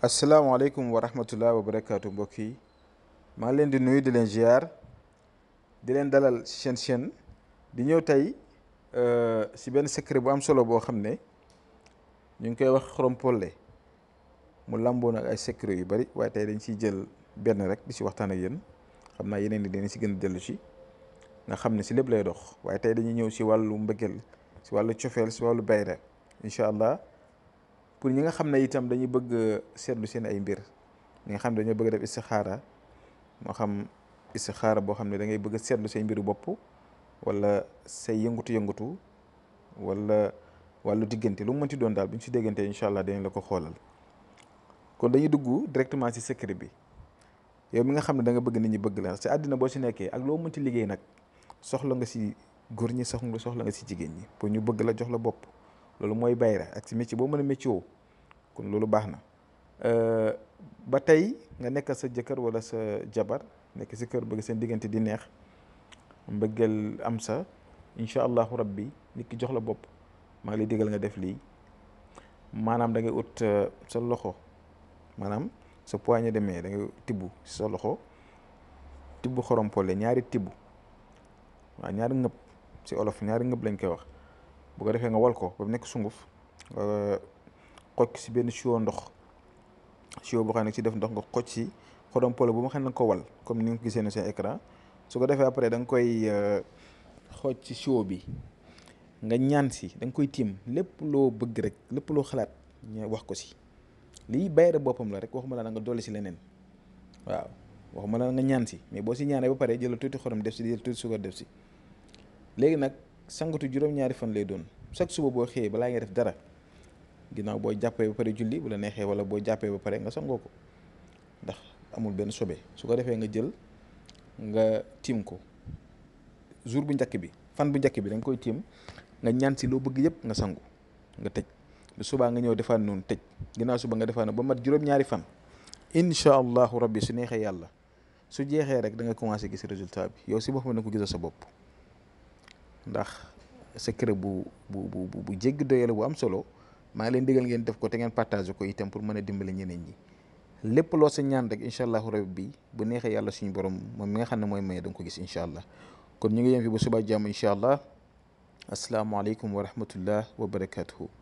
asalaamaaleykum wa rahmatullah wa barakaatu mbokk yi maa leen di nuyu di leen ziar di leen dalal seen chaîne di ñëw tey euh, si benn secret bu am solo boo xam ne ñu ngi koy wax xorompolle mu làmboo nag ay secret yu bari waaye tey dañ siy jël benn rek di si waxtaan ak yéen xam naa yeneen ni dañ si gën a dellu si nga xam ne si lépp lay dox waaye tey dañuy ñëw si wàllu mbëggeel si wàllu cofeel si wàllu bayre incha allah. pour ñi nga xam ne itam dañu bëgg seetlu seen ay mbir ñi nga xam ne dañoo bëgg def istixaara moo xam istixaara boo xam ne da ngay bëgg seetlu say mbiru bopp wala say yëngatu-yëngatu wala wàllu diggante lu mu mënti doon daal bu ñu si déggantee incha allah dañ la ko xoolal kon dañuy dugg directement si secret bi yow mi nga xam ne da bëgg nit ñi bëgg la si àddina boo si nekkee ak loo mënti liggéey nag soxla nga si góor ñi soxla soxla nga si jigéen ñi pour ñu bëgg la jox la bopp loolu mooy bayra ak si métier boo mën a métier loolu baax na euh, ba tey nga nekk sa jëkkër wala sa jabar nekk si kër bëgg seen diggante di neex mbëggeel am sa incha allahu rabbi nit ki jox la bopp maa ngi lay digal nga def lii maanaam dangay ngay ut euh, sa loxo maanaam sa poignée ñu main da ngay tibb sa loxo tibb xorom ñaari tibb waa ñaari ngëb si olof ñaari ngëb lañ koy wax bu ko defee nga wal ko ba mu nekk sunguf xocc si benn siwo ndox siwo boo xam ne si def ndox nga xocc si xodom polo bu ma xam ne nga ko wal comme ni nga ko gisee ne su ko defee après da koy euh, xocc si siwo bi nga ñaan si da koy tiim lépp loo bëgg rek lépp loo xalaat ñu wax ko si lii bayre boppam la rek waxuma laa nga dolli si leneen waaw waxuma la nga ñaan si mais boo si ñaanee ba pare jël tuuti xorom def si jël tuuti suukar def si léegi nag sangatu juróom-ñaari fan lay doon chaque suba boo xëyee balaa ngay def dara ginnaaw boo jàppee ba pare julli bu la neexee wala boo jàppee ba pare nga sangoo ko ndax amul benn sobe su ko defee nga jël nga tiim ko jour bu njëkk bi fan bu njëkk bi da koy tiim nga ñaan si loo bëgg yëpp nga sangu nga tëj bu subaa nga ñëw defaan noonu tëj ginnaaw ba nga defaan ba mat juróom-ñaari fan incha allahu bi su neexee yàlla su jeexee rek da nga commencé gis résultat bi yow si boppam da nga ko gisal sa bopp ndax sa bu bu bu bu jéggi doyale bu am solo. maa ngi leen digal ngeen def ko te ngeen partage ko itam pour mën a dimbale ñeneen ñi lépp loo sa ñaan rek incha allahu rabbi bi bu neexee yàlla suñu borom moom mi nga xam ne mooy maye da ko gis incha allah kon ñu ngi yem fi ba suba jàmm incha allah asalaamaaleykum wa rahmatullah wa barakatuhu